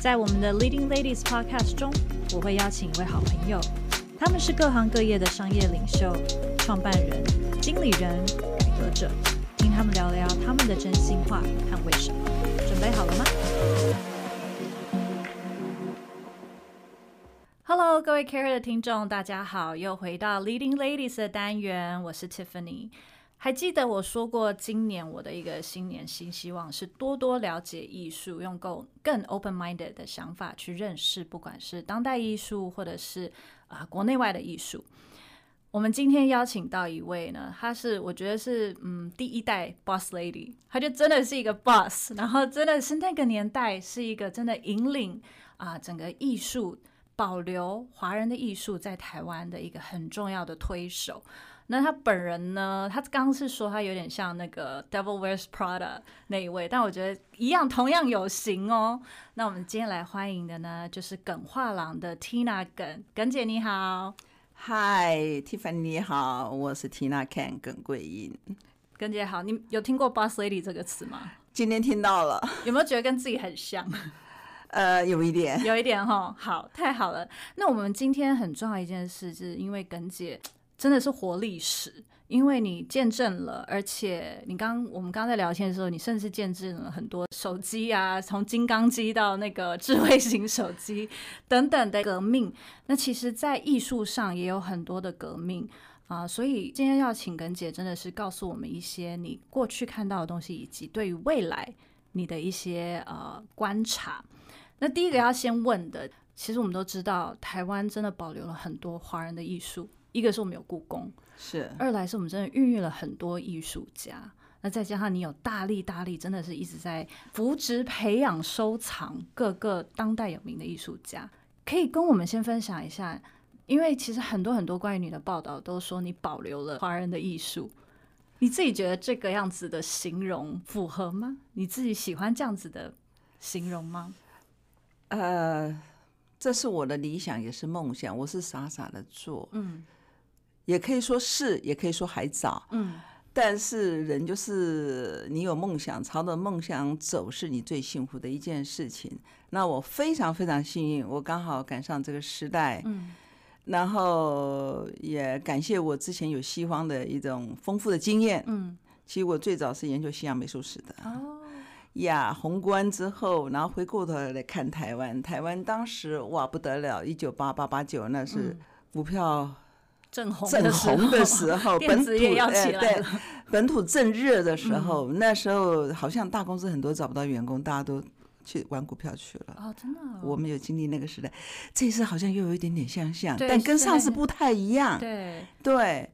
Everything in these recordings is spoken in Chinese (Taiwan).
在我們的 Leading Ladies Podcast 中，我會邀請一位好朋友，他們是各行各業的商業領袖、創辦人、經理人、改革者，聽他們聊聊他們的真心話和為什麼。準備好了嗎？Hello，各位 CAREhER 的聽眾，大家好，又回到 Leading Ladies 的單元，我是 Tiffany。還記得我說過，今年我的一個新年新希望是多多了解藝術，用夠更 open minded 的想法去認識，不管是當代藝術或者是啊、呃、國內外的藝術。我們今天邀請到一位呢，她是我覺得是嗯第一代 boss lady，她就真的是一個 boss，然後真的是那個年代是一個真的引領啊、呃、整個藝術保留華人的藝術在台灣的一個很重要的推手。那他本人呢？他剛剛是說他有點像那個 Devil wears Prada 那一位，但我覺得一樣同樣有型哦。那我們今天來歡迎的呢，就是耿畫廊的 Tina 耿。耿姐你好。Hi Tiffany 你好，我是 Tina Keng 耿桂英。耿姐好，你有聽過 Boss Lady 這個詞嗎？今天聽到了，有沒有覺得跟自己很像？ 呃，有一點，有一點哈。好，太好了。那我們今天很重要一件事，就是因為耿姐，真的是活歷史，因為你見證了，而且你剛我們剛在聊天的時候，你甚至見證了很多手機啊，從金剛機到那個智慧型手機等等的革命。那其實，在藝術上也有很多的革命啊，呃，所以今天要請耿姐，真的是告訴我們一些你過去看到的東西，以及對於未來你的一些呃觀察。那第一個要先問的，其實我們都知道，台灣真的保留了很多華人的藝術。一個是我們有故宮，是二來是我們真的孕育了很多藝術家，那再加上你有大力大力，真的是一直在扶植、培養、收藏各個當代有名的藝術家。可以跟我們先分享一下，因為其實很多很多關於你的報道都說你保留了華人的藝術，你自己覺得這個樣子的形容符合嗎？你自己喜歡這樣子的形容嗎？呃，這是我的理想，也是夢想。我是傻傻的做，嗯。也可以說是，是也可以說還早。嗯，但是人就是你有夢想，朝着夢想走，是你最幸福的一件事情。那我非常非常幸運，我剛好趕上這個時代。嗯，然後也感謝我之前有西方的一種豐富的經驗。嗯，其實我最早是研究西洋美術史的。哦，呀，yeah, 宏觀之後，然後回過頭來看台灣，台灣當時哇不得了，一九八八八九那是股票，正紅的時候，本土要起來了本、哎。本土正熱的時候，嗯、那時候好像大公司很多找不到員工，大家都去玩股票去了。哦，真的、哦。我們有經歷那個時代，這次好像又有一點點相像，像，對但跟上次不太一樣。對對。對對，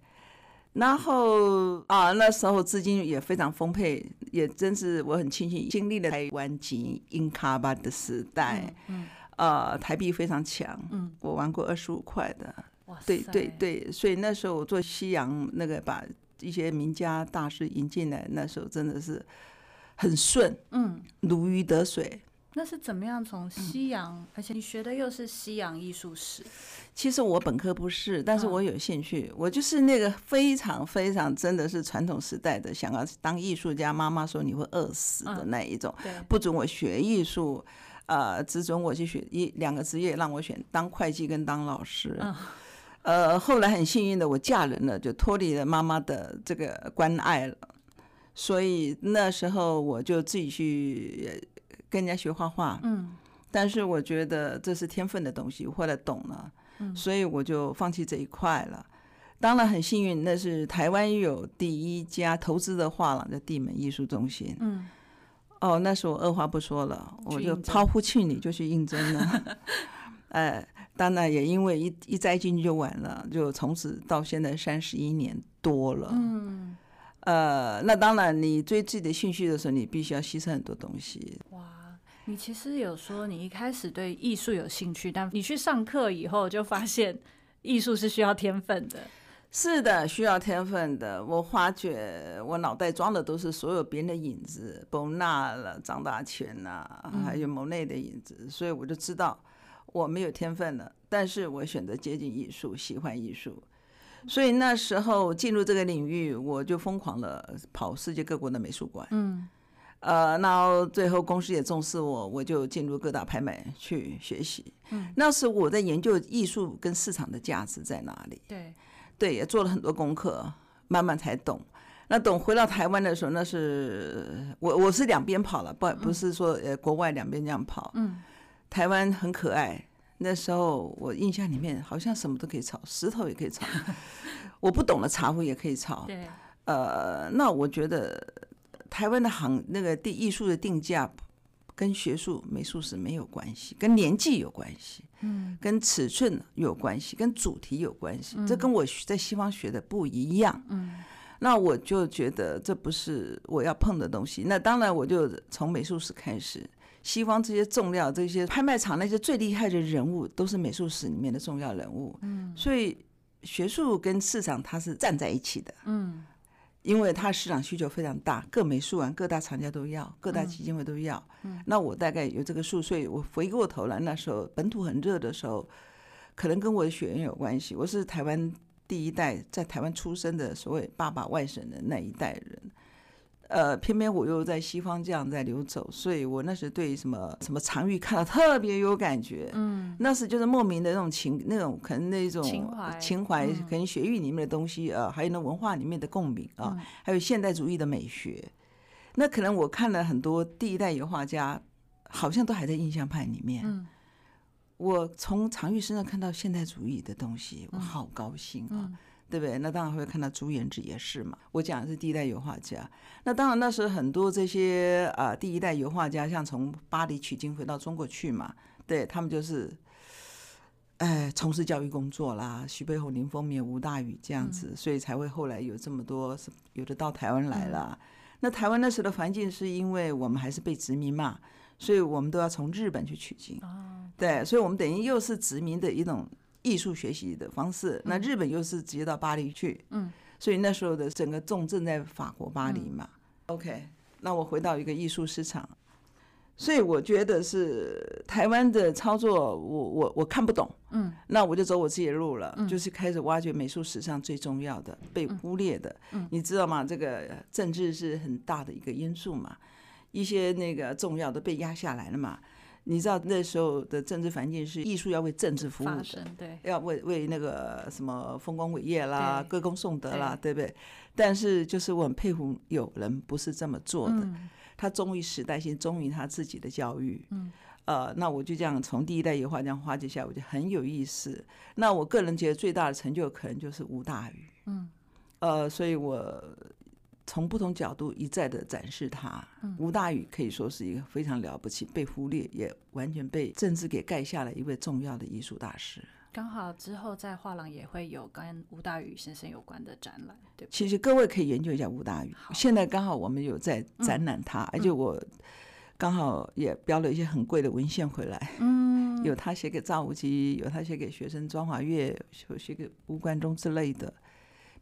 然後啊，那時候資金也非常豐沛，也真是我很慶幸經歷了台灣錢淹腳目的時代。嗯，嗯、呃。台幣非常強。嗯。我玩過二十五塊的。哇對對對，所以那時候我做西洋那個，把一些名家大師引進來，那時候真的是很順，嗯，如魚得水。那是怎麼樣從西洋？嗯、而且你學的又是西洋藝術史？其實我本科不是，但是我有興趣，嗯、我就是那個非常非常真的是傳統時代的想要當藝術家，媽媽說你會餓死的那一種，嗯、對不准我學藝術，呃，只准我去學一兩個職業，讓我選當會計跟當老師。嗯呃，後來很幸運的，我嫁人了，就脫離了媽媽的這個關愛了。所以那時候我就自己去跟人家學畫畫。嗯。但是我覺得這是天分的東西，後來懂了，嗯、所以我就放棄這一塊了。當然很幸運，那是台灣有第一家投資的畫廊，的地門藝術中心。嗯。哦，那時候我二話不說了，我就拋夫棄女就去應徵了。 哎。當然也因為一一栽進去就完了，就從此到現在三十一年多了。嗯，呃，那當然，你追自己的興趣的時候，你必須要犧牲很多東西。哇，你其實有說你一開始對藝術有興趣，啊、但你去上課以後就發現藝術是需要天分的。是的，需要天分的。我發覺我腦袋裝的都是所有別人的影子，繃納、嗯、了、張大千吶、啊，還有莫內的影子，所以我就知道。我沒有天分了，但是我選擇接近藝術，喜歡藝術，所以那時候進入這個領域，我就瘋狂了，跑世界各國的美術館。嗯，呃，那最後公司也重視我，我就進入各大拍賣去學習。嗯，那是時我在研究藝術跟市場的價值在哪裡。對，對，也做了很多功課，慢慢才懂。那等回到台灣的時候，那是我我是兩邊跑了，不不是說呃國外兩邊這樣跑。嗯。嗯台灣很可愛，那時候我印象裡面好像什麼都可以炒，石頭也可以炒， 我不懂的茶壺也可以炒。對。 呃，那我覺得台灣的行那個定藝術的定價，跟學術美術史沒有關係，跟年紀有關係，嗯，跟尺寸有關係，跟主題有關係，這跟我在西方學的不一樣。嗯。那我就覺得這不是我要碰的東西，那當然我就從美術史開始。西方這些重要，這些拍賣場那些最厲害的人物，都是美術史裡面的重要人物。嗯，所以學術跟市場它是站在一起的。嗯，因為它市場需求非常大，各美術館、各大廠家都要，各大基金會都要。嗯，那我大概有這個數，所以我回過頭來，那時候本土很熱的時候，可能跟我的血緣有關係。我是台灣第一代，在台灣出生的所謂爸爸外省的那一代人。呃，偏偏我又在西方這樣在流走，所以我那時對什麼什麼常玉看到特別有感覺，嗯，那時就是莫名的那種情，那種可能那種情懷，情懷嗯、可能血域裡面的東西啊、呃，還有那文化裡面的共鳴啊，嗯、還有現代主義的美學。那可能我看了很多第一代油畫家，好像都還在印象派裡面，嗯，我從常玉身上看到現代主義的東西，我好高興啊。嗯嗯對不對？那當然會看到朱沅芷也是嘛。我講的是第一代油畫家。那當然，那時很多這些啊、呃，第一代油畫家，像從巴黎取經回到中國去嘛。對他們就是，哎，從事教育工作啦，徐悲鴻、林風眠、吳大羽這樣子，嗯、所以才會後來有這麼多，有的到台灣來了。嗯、那台灣那時的環境是因為我們還是被殖民嘛，所以我們都要從日本去取經。嗯、對，所以我們等於又是殖民的一種。藝術學習的方式，那日本又是直接到巴黎去，嗯，所以那時候的整個重鎮在法國巴黎嘛。嗯、OK，那我回到一個藝術市場，所以我覺得是台灣的操作我，我我我看不懂，嗯，那我就走我自己的路了，嗯、就是開始挖掘美術史上最重要的被忽略的，嗯嗯、你知道嗎？這個政治是很大的一個因素嘛，一些那個重要的被壓下來了嘛。你知道那時候的政治環境是藝術要為政治服務的，對，要為為那個什麼豐功偉業啦、對歌功頌德啦，對不對？但是就是我很佩服有人不是這麼做的，嗯、他忠於時代性，忠於他自己的教育。嗯，呃，那我就這樣從第一代油畫這樣畫下來，我就很有意思。那我個人覺得最大的成就可能就是吳大羽。嗯，呃，所以我。從不同角度一再的展示他，吳、嗯、大羽可以說是一個非常了不起，被忽略也完全被政治給蓋下了一位重要的藝術大師。剛好之後在畫廊也會有跟吳大羽先生有關的展覽，對，不對。其實各位可以研究一下吳大羽，好現在剛好我們有在展覽他，嗯、而且我剛好也標了一些很貴的文獻回來，嗯，有他集，有他寫給趙無極，有他寫給學生莊華月，有寫給吳冠中之類的。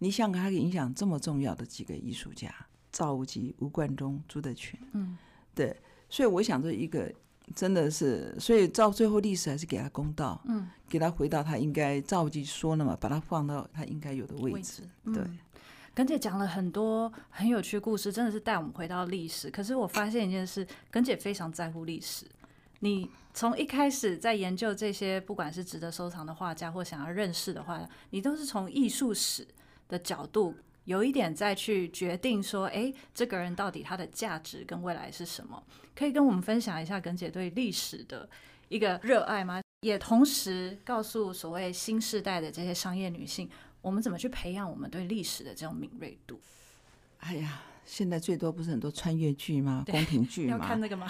你想給他影響這麼重要的幾個藝術家：趙無極、吳冠中、朱德群。嗯，對，所以我想做一個真的是，所以到最後歷史還是給他公道，嗯，給他回到他應該趙無極說了嘛，把他放到他應該有的位置。位置對，耿、嗯、姐講了很多很有趣的故事，真的是帶我們回到歷史。可是我發現一件事，耿姐非常在乎歷史。你從一開始在研究這些，不管是值得收藏的畫家或想要認識的畫家，你都是從藝術史。的角度，有一點再去決定說，哎，這個人到底他的價值跟未來是什麼？可以跟我們分享一下耿姐對歷史的一個熱愛嗎？也同時告訴所謂新時代的這些商業女性，我們怎麼去培養我們對歷史的這種敏銳度？哎呀。現在最多不是很多穿越劇嗎？對宮廷劇嘛，要看那個嗎？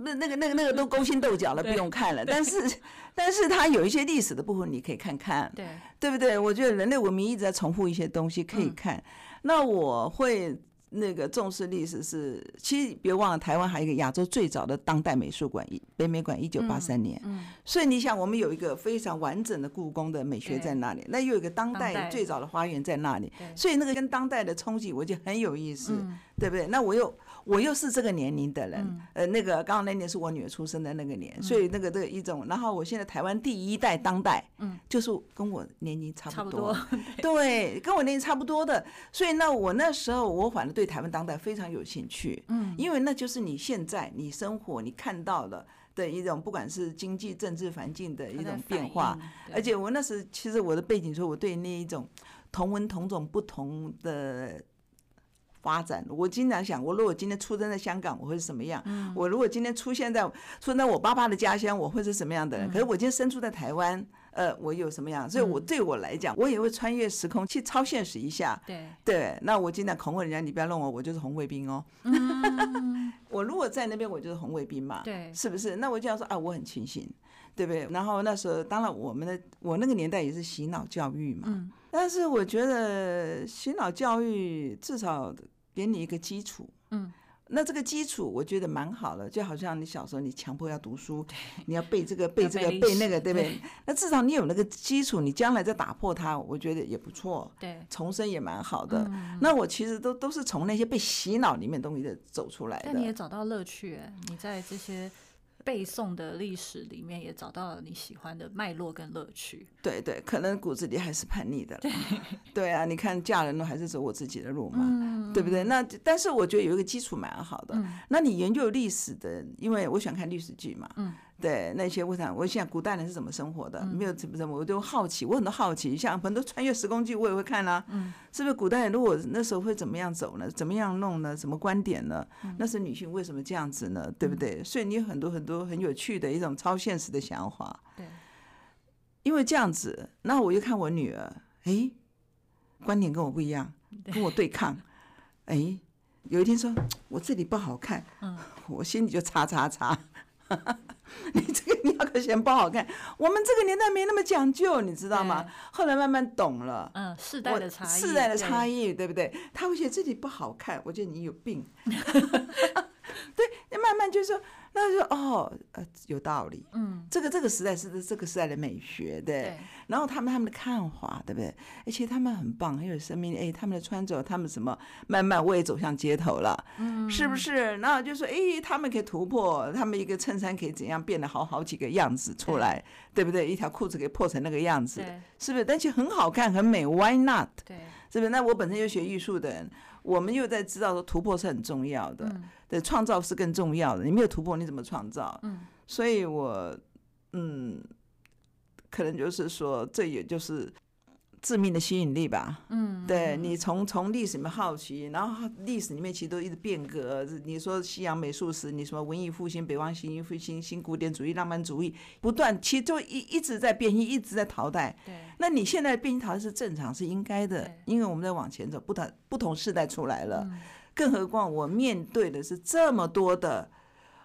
那 那個那個那個都勾心鬥角了， 對不用看了。但是，對但是它有一些歷史的部分，你可以看看，對，對不對？我覺得人類文明一直在重複一些東西，可以看。嗯、那我會。那個重視歷史是，其實別忘了，台灣還有一個亞洲最早的當代美術館，北美館，一九八三年。嗯嗯、所以你想，我們有一個非常完整的故宮的美學在那裡，對那又有一個當代最早的花園在那裡，代所以那個跟當代的衝擊，我覺得很有意思，對，對不對？那我又。我又是這個年齡的人，嗯、呃，那個剛剛那年是我女兒出生的那個年，嗯、所以那個這一種，然後我現在台灣第一代當代，嗯、就是跟我年齡差不多，差不多，對，跟我年齡差不多的，所以那我那時候我反正對台灣當代非常有興趣，嗯，因為那就是你現在你生活你看到了的一種，不管是經濟政治環境的一種變化，而且我那時其實我的背景說我對那一種同文同種不同的。發展，我經常想，我如果今天出生在香港，我會是什麼樣？我如果今天出現在出生在我爸爸的家鄉，我會是什麼樣的人？可是我今天生住在台灣，呃，我有什麼樣？所以，我對我來講，我也會穿越時空去超現實一下。對，那我經常恐嚇人家，你不要認為我我就是紅衛兵哦。嗯。 我如果在那邊，我就是紅衛兵嘛。對，是不是？那我就要說啊，我很清醒，對不對？然後那時候，當然我們的我那個年代也是洗腦教育嘛。但是我覺得洗腦教育至少。給你一個基礎，嗯，那這個基礎我覺得蠻好的，就好像你小時候你強迫要讀書，對你要背這個背這個背，背那個，對不對？對那至少你有那個基礎，你將來再打破它，我覺得也不錯，對，重生也蠻好的。嗯、那我其實都都是從那些被洗腦裡面的東西的走出來的，但你也找到樂趣、欸、你在這些。背誦的歷史裡面，也找到了你喜歡的脈絡跟樂趣。對對，可能骨子裡還是叛逆的。對， 對啊，你看嫁人了還是走我自己的路嘛，嗯、對不對？那但是我覺得有一個基礎蠻好的。嗯、那你研究歷史的，因為我喜歡看歷史劇嘛。嗯對那些我想，我想古代人是怎麼生活的？嗯、沒有怎麼怎麼，我都好奇。我很多好奇，像很多穿越時空劇，我也會看啦、啊。嗯，是不是古代人如果那時候會怎麼樣走呢？怎麼樣弄呢？什麼觀點呢？嗯、那時女性為什麼這樣子呢？對不對？嗯、所以你有很多很多很有趣的一種超現實的想法。對、嗯，因為這樣子，那我就看我女兒，哎，觀點跟我不一樣，跟我對抗。對哎，有一天說，我這裡不好看，嗯、我心裡就叉叉叉。呵呵你這個，你要可嫌不好看。我們這個年代沒那麼講究，你知道嗎？對後來慢慢懂了。嗯，世代的差異，我我世代的差異，對，對不對？他會覺得自己不好看，我覺得你有病。 對，那慢慢就說，那就說哦，呃，有道理，嗯，這個這個時代是這個時代的美學，對。對然後他們他們的看法，對不對？而且他們很棒，很有生命力。誒、哎，他們的穿着，他們什麼，慢慢我也走向街頭了，嗯，是不是？然後就說，哎，他們可以突破，他們一個襯衫可以怎樣變得好好幾個樣子出來，對,對不對？一條褲子可以破成那個樣子，對是不是？但是很好看，很美，Why not？對，是不是？那我本身就學藝術的人。我們又在知道說突破是很重要的，嗯，對，創造是更重要的。你沒有突破，你怎麼創造？嗯，所以我，嗯，可能就是說，這也就是。致命的吸引力吧，嗯，對，你從從歷史裡面好奇，然後歷史裡面其實都一直變革。你說西洋美術史，你什麼文藝復興、北方新藝復興、新古典主義、浪漫主義，不斷，其實就一一直在變異，一直在淘汰。對那你現在變異淘汰是正常是應該的，對因為我們在往前走，不同不同時代出來了，嗯，更何況我面對的是這麼多的。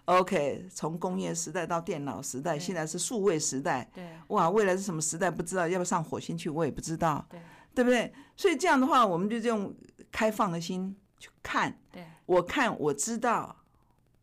OK，從工業時代到電腦時代，對現在是數位時代。對。哇，未來是什麼時代不知道，要不要上火星去？我也不知道。對。對不對？所以這樣的話，我們就用開放的心去看。對。我看我知道，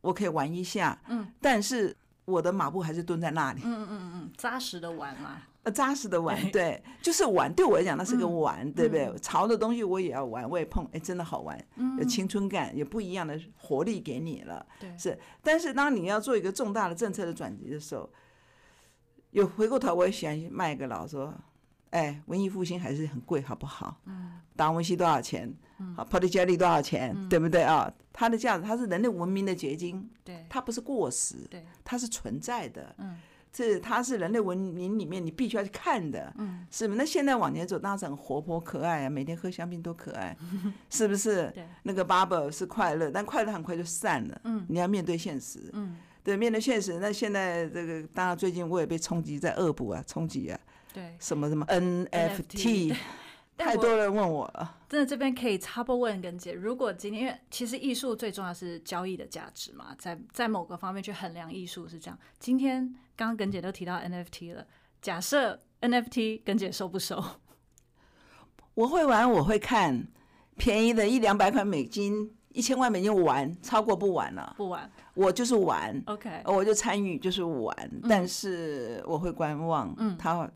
我可以玩一下。嗯對。但是我的馬步還是蹲在那裡。嗯嗯嗯嗯，扎實的玩嘛、啊。扎實的玩，對，欸、就是玩。對我來講，那、嗯、是個玩，對不對？潮的東西我也要玩，我也碰，哎、欸，真的好玩，有青春感，嗯、有不一樣的活力給你了。對，是。但是當你要做一個重大的政策的轉移的時候，有回過頭，我也喜歡賣個老說，哎、欸，文藝復興還是很貴，好不好？達、嗯、文西多少錢？嗯，好，波提切利多少錢？嗯、對不對啊？它的價值，它是人類文明的結晶，對，它不是過時，對，它是存在的，嗯。這它是人類文明裡面你必須要去看的，嗯、是嗎？那現在往前走，那是很活潑可愛啊，每天喝香檳都可愛，嗯、是不是？對，那個 bubble 是快樂，但快樂很快就散了。嗯，你要面對現實。嗯，對，面對現實。那現在這個，當然最近我也被衝擊，在惡補啊，衝擊啊。對。什麼什麼 NFT。太多人問我了，真的這邊可以插播問耿姐。如果今天，因為其實藝術最重要是交易的價值嘛，在在某個方面去衡量藝術是這樣。今天剛剛耿姐都提到 NFT 了，假設 NFT 耿姐收不收？我會玩，我會看，便宜的一兩百塊美金，一千萬美金玩，超過不玩了，啊，不玩。我就是玩，OK，我就參與就是玩，但是我會觀望，嗯，他。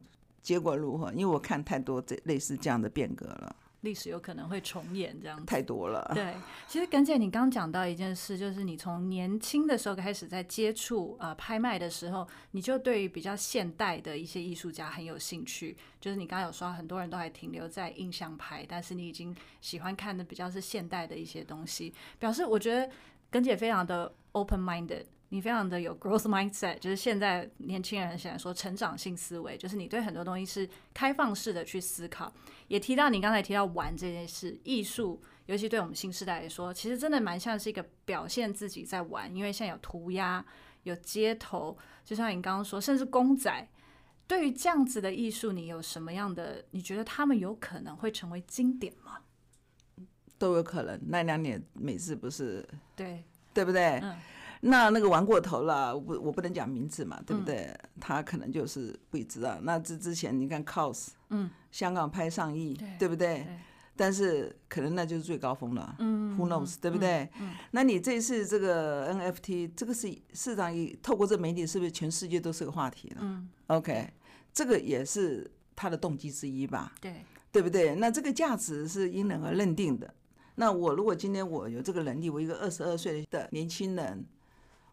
結果如何？因為我看太多這類似這樣的變革了，歷史有可能會重演這樣。太多了。對，其實耿姐，你剛講到一件事，就是你從年輕的時候開始在接觸啊、呃、拍賣的時候，你就對於比較現代的一些藝術家很有興趣。就是你剛剛有說，很多人都還停留在印象派，但是你已經喜歡看的比較是現代的一些東西。表示我覺得耿姐非常的 open minded。你非常的有 growth mindset，就是現在年輕人現在說成長性思維，就是你對很多東西是開放式的去思考。也提到你剛才提到玩這件事，藝術尤其對我們新時代來說，其實真的蠻像是一個表現自己在玩，因為現在有塗鴉，有街頭，就像你剛剛說，甚至公仔。對於這樣子的藝術，你有什麼樣的？你覺得他們有可能會成為經典嗎？都有可能。那兩年每次不是對，對不對？嗯那那個玩過頭了，不，我不能講名字嘛，對不對？他可能就是不知道啊。那這之前你看，cos，嗯，香港拍上億，對不對？但是可能那就是最高峰了。嗯，Who knows，對不對？那你這一次這個 NFT，這個是市場一透過這媒體，是不是全世界都是個話題了？嗯，OK，這個也是他的動機之一吧？對，對不對？那這個價值是因人而認定的。那我如果今天我有這個能力，我一個二十二歲的年輕人。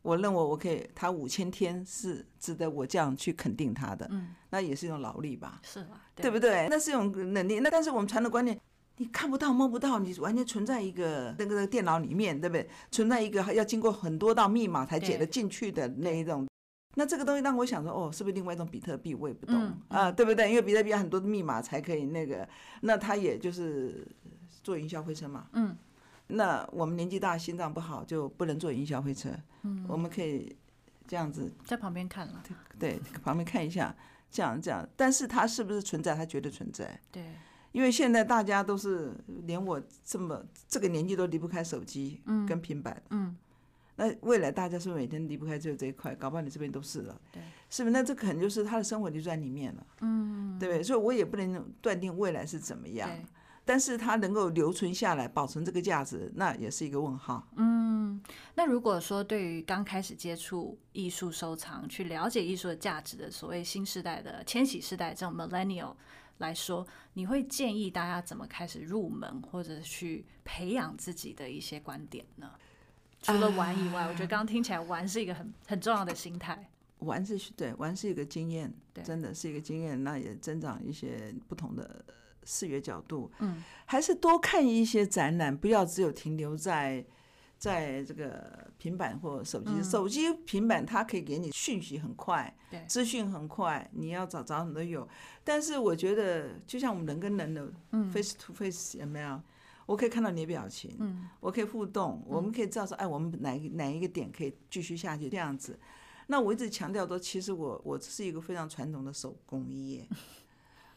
我認為我可以，他五千天是值得我這樣去肯定他的。嗯、那也是一種勞力吧，是吧、啊？對，對不對？那是一種能力，那但是我們傳統觀念，你看不到摸不到，你完全存在一個那個電腦裡面，對不對？存在一個要經過很多道密碼才解得進去的那一種，對那這個東西讓我想說，哦，是不是另外一種比特幣？我也不懂、嗯、啊，對不對？因為比特幣有很多的密碼才可以那個，那他也就是做營銷灰塵嘛。嗯。那我們年紀大，心臟不好，就不能坐雲霄飛車。嗯，我們可以這樣子，在旁邊看了。對，對，旁邊看一下，這樣這樣。但是它是不是存在？它絕對存在。對，因為現在大家都是連我這麼這個年紀都離不開手機跟平板。嗯。嗯，那未來大家是不是每天離不開只有這一塊？搞不好你這邊都是了。對。是不是？那這肯定就是他的生活就在裡面了。嗯，對不對？所以我也不能斷定未來是怎麼樣。但是它能夠留存下來、保存這個價值，那也是一個問號。嗯，那如果說對於剛開始接觸藝術收藏、去了解藝術的價值的所謂新世代的千禧世代的這種 Millennial 來說，你會建議大家怎麼開始入門或者去培養自己的一些觀點呢？除了玩以外，啊、我覺得剛剛聽起來玩是一個很很重要的心態。玩是，對，玩是一個經驗，對真的是一個經驗，那也增長一些不同的。視覺角度，嗯，還是多看一些展覽，不要只有停留在，在這個平板或手機，嗯、手機平板它可以給你訊息很快，對，資訊很快，你要找找什麼都有。但是我覺得，就像我們人跟人的 face to face 有沒有？嗯、我可以看到你的表情，嗯，我可以互動，我們可以知道說，哎、嗯，我們哪一哪一個點可以繼續下去這樣子。那我一直強調說，其實我我是一個非常傳統的手工業。嗯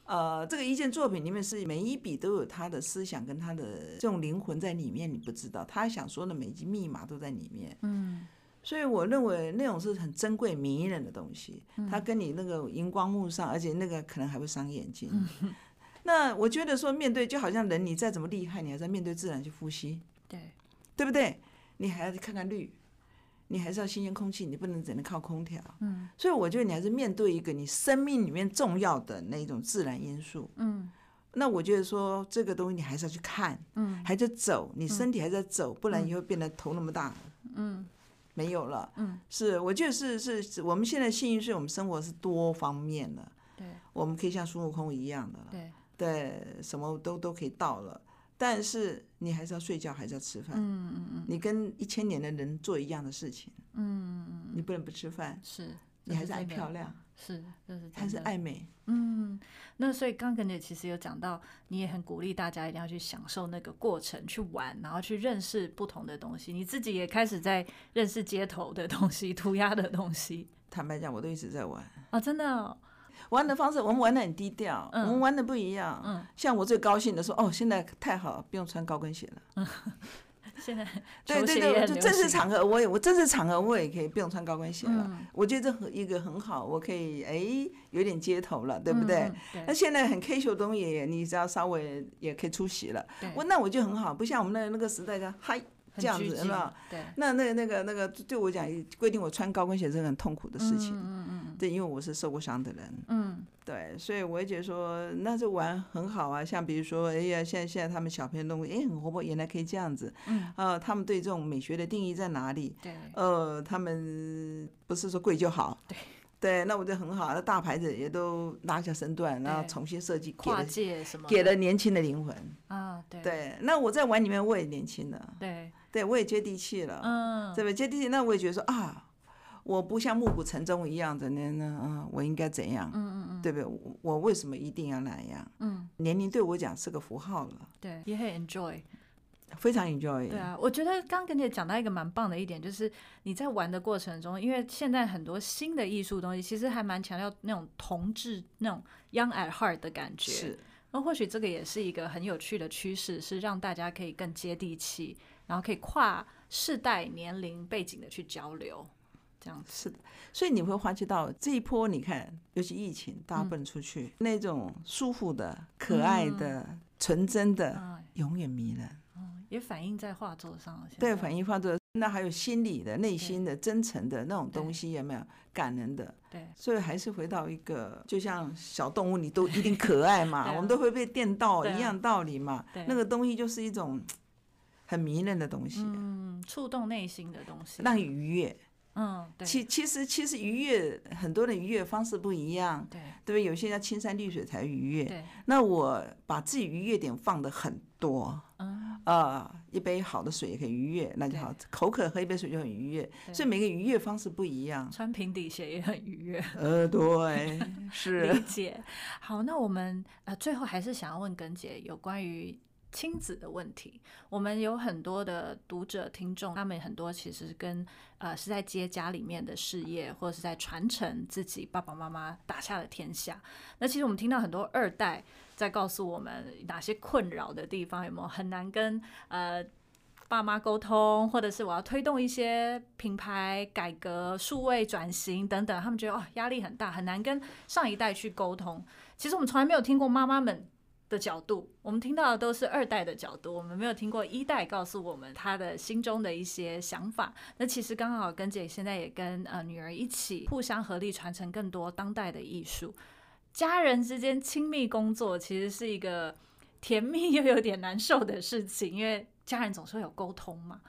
呃，這個一件作品裡面是每一筆都有他的思想跟他的這種靈魂在裡面，你不知道他想說的每一句密碼都在裡面。嗯，所以我認為那種是很珍貴迷人的東西。他它跟你那個熒光幕上，嗯、而且那個可能還會傷眼睛。嗯、那我覺得說面對就好像人，你再怎麼厲害，你還要面對自然去呼吸。對，對不對？你還要去看看綠。你還是要新鮮空氣，你不能只能靠空調。嗯，所以我覺得你還是面對一個你生命裡面重要的那一種自然因素。嗯，那我覺得說這個東西你還是要去看，嗯，還在走，你身體還在走，嗯，不然以後變得頭那麼大。嗯，沒有了。嗯，是我就是是，是我們現在幸運是，我們生活是多方面的。對，我們可以像孫悟空一樣的，對對，什麼都都可以到了。但是你還是要睡覺，還是要吃飯。嗯嗯嗯。你跟一千年的人做一樣的事情。嗯，你不能不吃飯。是。就是、你還是愛漂亮。是，就是。還是愛美。嗯，那所以剛剛你其實有講到，你也很鼓勵大家一定要去享受那個過程，去玩，然後去認識不同的東西。你自己也開始在認識街頭的東西、塗鴉的東西。坦白講，我都一直在玩。啊、哦，真的哦。玩的方式，我們玩的很低調，嗯、我們玩的不一樣。嗯、像我最高興的說，哦，現在太好了，不用穿高跟鞋了。嗯、現在對對對，正式場合我也，我正式場合我也可以不用穿高跟鞋了。嗯、我覺得這很一個很好，我可以誒、哎、有點街頭了，對不對？那、嗯、現在很 casual 的東西，你只要稍微也可以出席了。對我那我就很好，不像我們那那個時代，叫嗨這樣子，對是吧？對，那那個、那個那個對我講，規定我穿高跟鞋是很痛苦的事情。嗯嗯。對，因為我是受過傷的人，嗯，對，所以我也覺得說，那這玩很好啊。像比如說，哎呀，現在現在他們小朋友都會，哎，很活潑，原來可以這樣子，嗯，啊、呃，他們對這種美學的定義在哪裡？對，呃，他們不是說貴就好，對，對，那我就很好，那大牌子也都拉下身段，然後重新設計，對給了跨界什麼給了年輕的靈魂啊，對，對，那我在玩裡面，我也年輕了，對，對我也接地氣了，嗯，對接地氣，那我也覺得說啊。我不像暮鼓晨鐘一樣的人呢。啊，我應該怎樣？嗯嗯嗯，對不對？我為什麼一定要那樣？嗯，年齡對我講是個符號了。對，也很 enjoy，非常 enjoy。對啊，我覺得剛剛跟你講到一個蠻棒的一點，就是你在玩的過程中，因為現在很多新的藝術東西其實還蠻強調那種童稚，那種 young at heart 的感覺。是，那或許這個也是一個很有趣的趨勢，是讓大家可以更接地氣，然後可以跨世代、年齡背景的去交流。是的，所以你會發覺到這一波，你看，尤其疫情，大家不能出去，那種舒服的、可愛的、純真的，永遠迷人。嗯，也反映在畫作上。對，反映畫作，那還有心理的、內心的、真誠的那種東西，有沒有？感人的。對。所以還是回到一個，就像小動物，你都一定可愛嘛，我們都會被電到一樣道理嘛。對。那個東西就是一種很迷人的東西，嗯，觸動內心的東西，讓你愉悅。嗯，其其實其實愉悅很多的愉悅方式不一樣，對對不對？有些人要青山綠水才愉悅，對。那我把自己愉悅點放的很多，啊、嗯呃，一杯好的水也可以愉悅，那就好，對口渴喝一杯水就很愉悅，對所以每個愉悅方式不一樣，穿平底鞋也很愉悅、呃，呃對， 是。理解。好，那我們呃最後還是想要問耿姐有關於。親子的問題，我們有很多的讀者聽眾，他們很多其實跟呃是在接家裡面的事業，或者是在傳承自己爸爸媽媽打下的天下。那其實我們聽到很多二代在告訴我們哪些困擾的地方，有沒有很難跟呃爸媽溝通，或者是我要推動一些品牌改革、數位轉型等等，他們覺得哦，壓力很大，很難跟上一代去溝通。其實我們從來沒有聽過媽媽們。的角度，我們聽到的都是二代的角度，我們沒有聽過一代告訴我們他的心中的一些想法。那其實剛好耿姐現在也跟呃女兒一起互相合力傳承更多當代的藝術。家人之間親密工作其實是一個甜蜜又有點難受的事情，因為家人總是會有溝通嘛。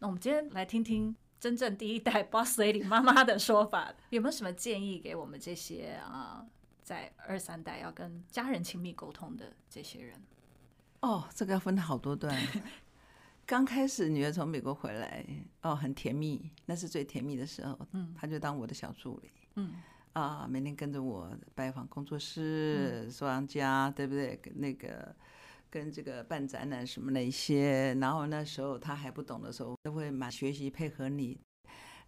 那我們今天來聽聽真正第一代 boss lady 媽媽的說法， 有沒有什麼建議給我們這些啊？代二三代要跟家人親密溝通的這些人，哦，這個要分好多段。 剛開始女兒從美國回來，哦，很甜蜜，那是最甜蜜的時候。嗯，她就當我的小助理，嗯，啊，每天跟着我拜訪工作室、收藏、嗯、家，對不對？那個跟這個辦展覽什麼的一些，然後那時候她還不懂的時候，都會滿學習配合你。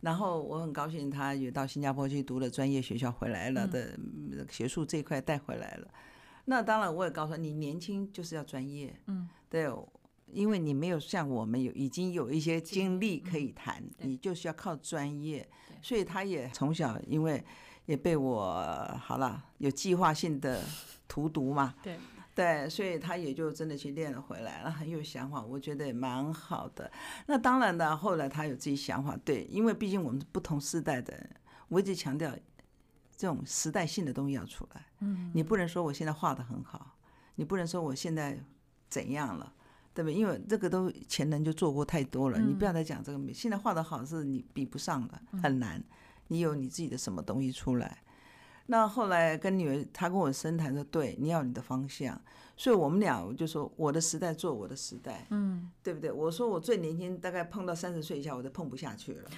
然後我很高興，他也到新加坡去讀了專業學校回來了的學術這一塊帶回來了。那當然我也告訴他，你年輕就是要專業。嗯，對，因為你沒有像我們有已經有一些經歷可以談，你就是要靠專業。所以他也從小因為也被我好了有計劃性的荼毒嘛。對。對，所以他也就真的去練了回來了，很有想法，我覺得也蠻好的。那當然呢，後來他有自己想法，對，因為畢竟我們不同時代的，我一直強調這種時代性的東西要出來。你不能說我現在畫得很好，你不能說我現在怎樣了，對吧？因為這個都前人就做過太多了，你不要再講這個。現在畫得好是你比不上的，很難。你有你自己的什麼東西出來？那後來跟女兒，她跟我深談說：“對，你要你的方向。”所以我們倆就說：“我的時代做我的時代。”嗯，對不對？我說我最年輕，大概碰到三十歲以下，我都碰不下去了。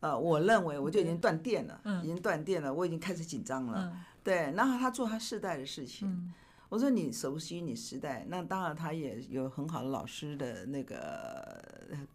呃，我認為我就已經斷電了，嗯、已經斷電了，我已經開始緊張了。嗯、對，然後他做他世代的事情。嗯、我說你熟悉你時代，那當然他也有很好的老師的那個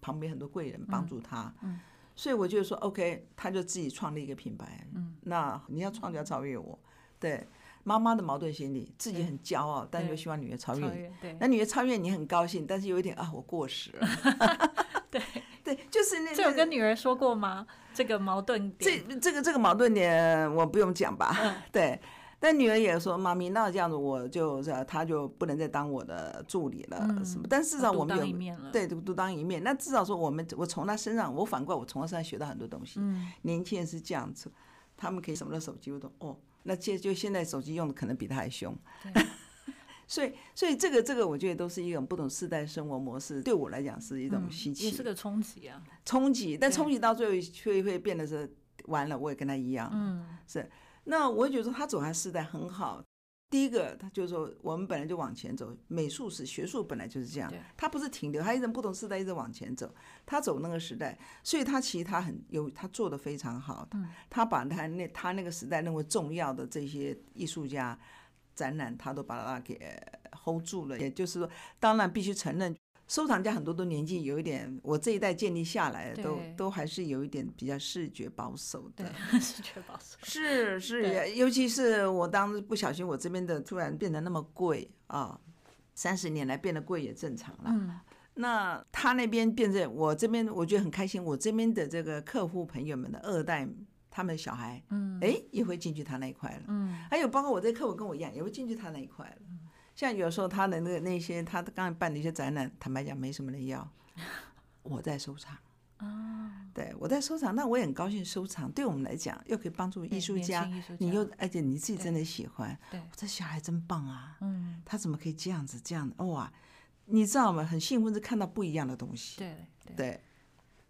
旁邊很多貴人幫助他。嗯嗯所以我就說，OK，他就自己創立一個品牌。嗯、那你要創就要超越我，對，媽媽的矛盾心理，自己很驕傲，對但又希望女兒超越。超越。那女兒超越你很高興，但是有一點啊，我過時了。 對對，對，就是那個。這有跟女兒說過嗎？這個矛盾點。這這個這個矛盾點我不用講吧？嗯、對。但女兒也說：“媽咪，那這樣子我就他就不能再當我的助理了，嗯、什麼？但至少我們有一面了對，獨當一面。那至少說我們，我從他身上，我反過來，我從他身上學到很多東西。嗯、年輕人是這樣子，他們可以什麼的手機我都哦，那其實就現在手機用的可能比他還兇。對 所以，所以這個這個，我覺得都是一種不同世代生活模式，對我來講是一種稀奇，嗯、也是個衝擊啊，衝擊。但衝擊到最後卻會變得是完了，對我也跟他一樣，嗯，是。”那我覺得說，他走的時代很好，第一個他就是說我們本來就往前走，美術史學術本來就是這樣，他不是停留，他一直不同時代一直往前走，他走那個時代，所以他其實他很有，他做得非常好，他把他那他那個時代認為重要的這些藝術家展覽，他都把他給 hold 住了，也就是說，當然必須承認。收藏家很多都年紀有一點，我這一代建立下來都，都，對都還是有一點比較視覺保守的。視覺保守。是是，是對尤其是我當時不小心，我這邊的突然變得那麼貴啊！三十年來變得貴也正常了。嗯、那他那邊變成我這邊我覺得很開心。我這邊的這個客戶朋友們的二代，他們小孩，嗯，哎，也會進去他那一塊了。嗯。還有包括我這客戶跟我一樣，也會進去他那一塊了。像有時候他的那個、那些，他剛剛辦的一些展覽，坦白講沒什麼人要。我在收藏啊，哦、對我在收藏，那我也很高興收藏。對我們來講，又可以幫助藝術家，年輕藝術家，你又而且你自己真的喜歡，對對，我這小孩真棒啊！嗯，他怎麼可以這樣子這樣子？哇，你知道嗎？很興奮的看到不一樣的東西。對對。對對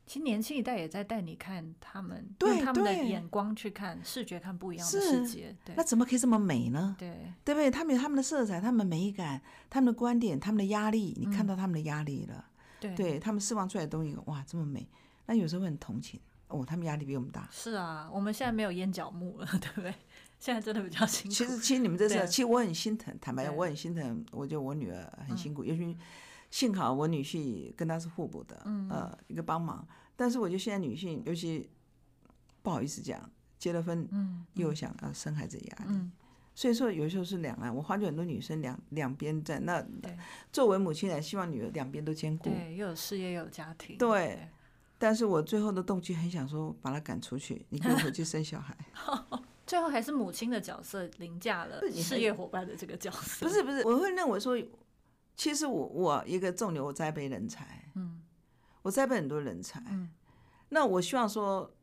其實年輕一代也在帶你看他們，用他們的眼光去看，視覺看不一樣的世界。對，那怎麼可以這麼美呢？對，對不對？他們有他們的色彩，他們的美感，他們的觀點，他們的壓力，你看到他們的壓力了？對，他們釋放出來的東西，哇，這麼美。那有時候很同情哦，他們壓力比我們大。是啊，我們現在沒有眼角膜了，對不對？現在真的比較辛苦。其實，其實你們這是，其實我很心疼。坦白講，我很心疼，我覺得我女兒很辛苦，也許。幸好我女婿跟他是互補的，嗯、呃，一個幫忙。但是我覺得現在女性，尤其不好意思講，結了婚，嗯、又想啊、嗯呃、生孩子壓力，嗯、所以說有時候是兩難，我發覺很多女生兩兩邊在那，對作為母親來希望女兒兩邊都兼顧，對，又有事業又有家庭。對，對但是我最後的動機很想說把她趕出去，你可以回去生小孩。 最後還是母親的角色凌駕了自己事業夥伴的這個角色不。不是不是，我會認為說。其實我我一個重牛栽培人才，嗯，我栽培很多人才，嗯，那我希望說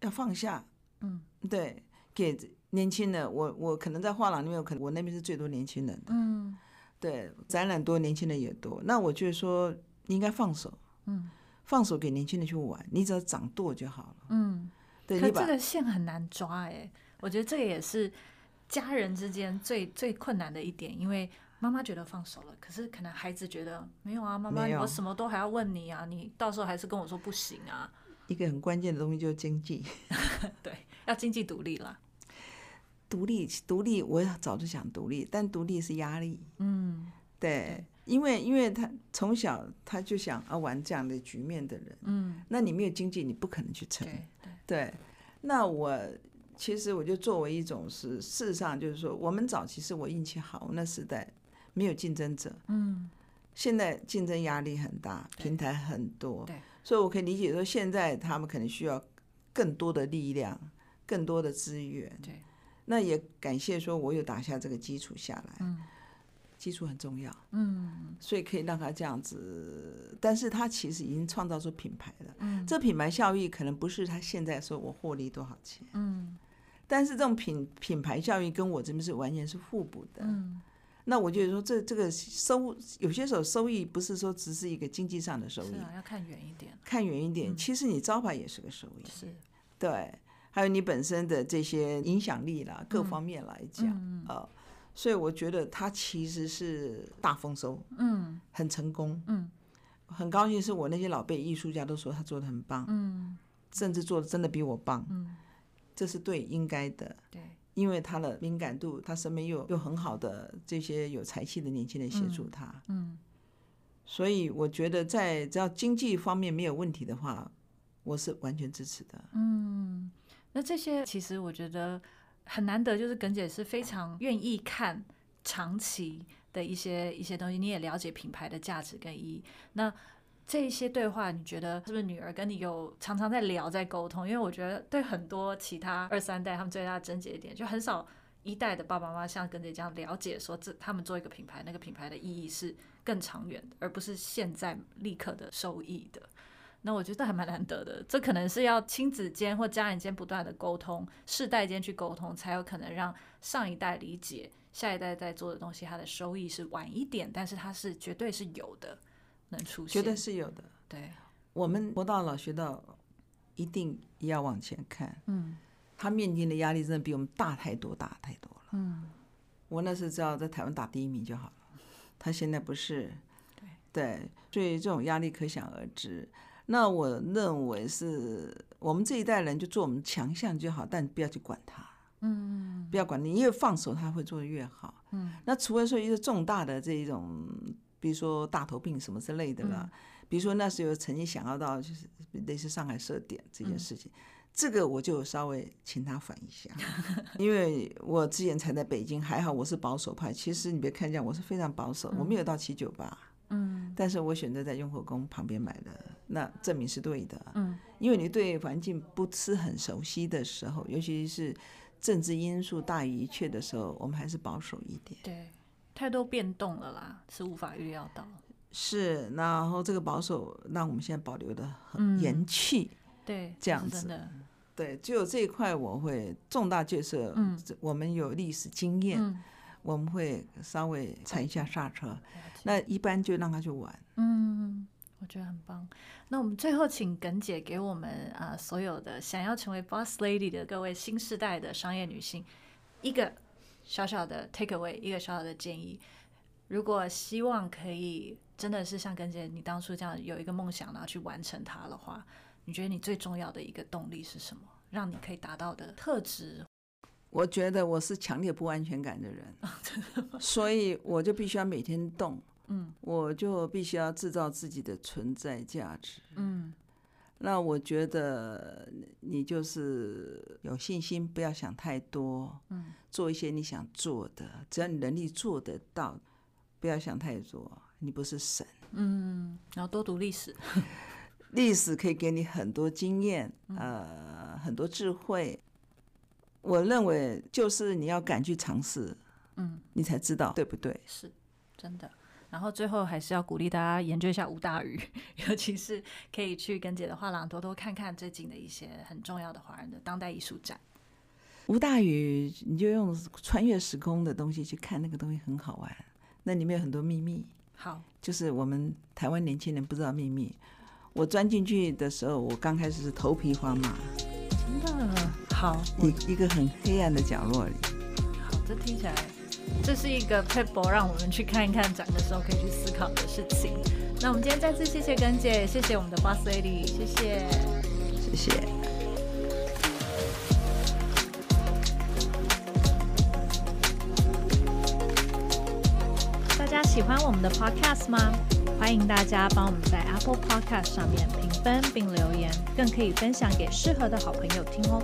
要放下，嗯，對，給年輕的我，我可能在畫廊裡面，我可能我那邊是最多年輕人的，嗯，對，展覽多年輕人也多，那我就是說你應該放手，嗯，放手給年輕人去玩，你只要掌舵就好了，嗯，對。可你把 這個線很難抓哎，我覺得這個也是家人之間最最困難的一點，因為。媽媽覺得放手了，可是可能孩子覺得沒有啊，媽媽，沒有我什麼都還要問你啊，你到時候還是跟我說不行啊。一個很關鍵的東西就是經濟， 對，要經濟獨立了。獨立，獨立，我早就想獨立，但獨立是壓力。嗯，對，對因，因為因為他從小他就想要玩這樣的局面的人，嗯，那你沒有經濟，你不可能去撐。對，對，對，那我其實我就作為一種是，事實上就是說，我們早期是我運氣好，那時代。沒有競爭者，嗯，現在競爭壓力很大，對平台很多，對所以我可以理解說，現在他們可能需要更多的力量，更多的資源，對那也感謝說，我有打下這個基礎下來，嗯，基礎很重要，嗯，所以可以讓他這樣子，但是他其實已經創造出品牌了，嗯，這品牌效益可能不是他現在說我獲利多少錢，嗯，但是這種品品牌效益跟我這邊是完全是互補的，嗯那我覺得說這這個收有些時候收益不是說只是一個經濟上的收益，是，要看遠一點，看遠一點。其實你招牌也是個收益，是，對，還有你本身的這些影響力啦，各方面來講，呃，所以我覺得他其實是大豐收，嗯，很成功，嗯，很高興是我那些老輩藝術家都說他做得很棒，嗯，甚至做得真的比我棒，嗯，這是對應該的，對。因為他的敏感度，他身邊有有很好的這些有才氣的年輕人協助他，嗯，所以我覺得在只要經濟方面沒有問題的話，我是完全支持的。嗯，那這些其實我覺得很難得，就是耿姐是非常願意看長期的一些一些東西，你也了解品牌的價值跟意義，那。這一些對話，你覺得是不是女兒跟你有常常在聊、在溝通？因為我覺得對很多其他二三代，他們最大的症結點就很少一代的爸爸媽媽像跟你這樣了解，說這他們做一個品牌，那個品牌的意義是更長遠的，而不是現在立刻的收益的。那我覺得還蠻難得的，這可能是要親子間或家人間不斷的溝通，世代間去溝通，才有可能讓上一代理解下一代在做的東西，它的收益是晚一點，但是它是絕對是有的。能出絕對是有的，對，我們活到老學到，一定要往前看。嗯，他面臨的壓力真的比我們大太多大太多了。嗯，我那時候知道在台灣打第一名就好了，嗯，他現在不是，對，對，所以這種壓力可想而知。那我認為是我們這一代人就做我們強項就好，但不要去管他。嗯，不要管，你越放手他會做得越好。嗯，那除了說一個重大的這一種。比如說大頭病什麼之類的啦，比如說那時候曾經想要到就是類似上海設點這件事情，這個我就稍微請他反一下，因為我之前才在北京，還好我是保守派。其實你別看講我是非常保守，我沒有到七九八，嗯，但是我選擇在雍和宮旁邊買的，那證明是對的，嗯，因為你對環境不是很熟悉的時候，尤其是政治因素大於一切的時候，我們還是保守一點，對。太多變動了啦，是無法預料到。是，然後這個保守，讓我們現在保留的很延期，對，這樣子。嗯、真的。對，只有這一塊我會重大建設，嗯，我們有歷史經驗，嗯、我們會稍微踩一下剎車。嗯、那一般就讓他去玩。嗯，我覺得很棒。那我們最後請耿姐給我們啊、呃，所有的想要成為 boss lady 的各位新世代的商業女性，一個。小小的 take away 一個小小的建議。如果希望可以真的是像耿姐、姐你當初這樣有一個夢想，然後去完成它的話，你覺得你最重要的一個動力是什麼？讓你可以達到的特質？我覺得我是強烈不安全感的人。啊，真的嗎？所以我就必須要每天動， 嗯，我就必須要制造自己的存在價值，嗯。那我覺得你就是有信心，不要想太多，嗯，做一些你想做的，只要你能力做得到，不要想太多，你不是神，嗯，然後多讀歷史， 歷史可以給你很多經驗，嗯、呃，很多智慧。我認為就是你要敢去嘗試，嗯，你才知道對不對？是，真的。然後最後還是要鼓勵大家研究一下吳大羽，尤其是可以去耿姐的畫廊多多看看最近的一些很重要的華人的當代藝術展。吳大羽，你就用穿越時空的東西去看那個東西，很好玩。那裡面有很多秘密。好，就是我們台灣年輕人不知道秘密。我鑽進去的時候，我剛開始是頭皮發麻。真的？好，一一個很黑暗的角落裡。好，這聽起來。這是一個配博，讓我們去看一看，講的時候可以去思考的事情。那我們今天再次謝謝耿姐，謝謝我們的 Boss Lady，謝謝，謝謝。大家喜歡我們的 Podcast 嗎？歡迎大家幫我們在 Apple Podcast 上面評分並留言，更可以分享給適合的好朋友聽哦。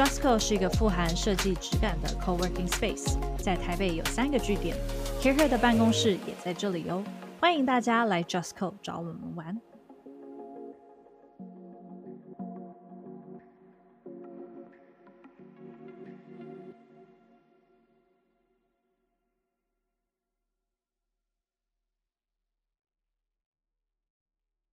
JustCo 是一個富含設計質感的 co-working space，在台北有三個據點，CAREhER 的辦公室也在這裡哦，歡迎大家來 JustCo 找我們玩。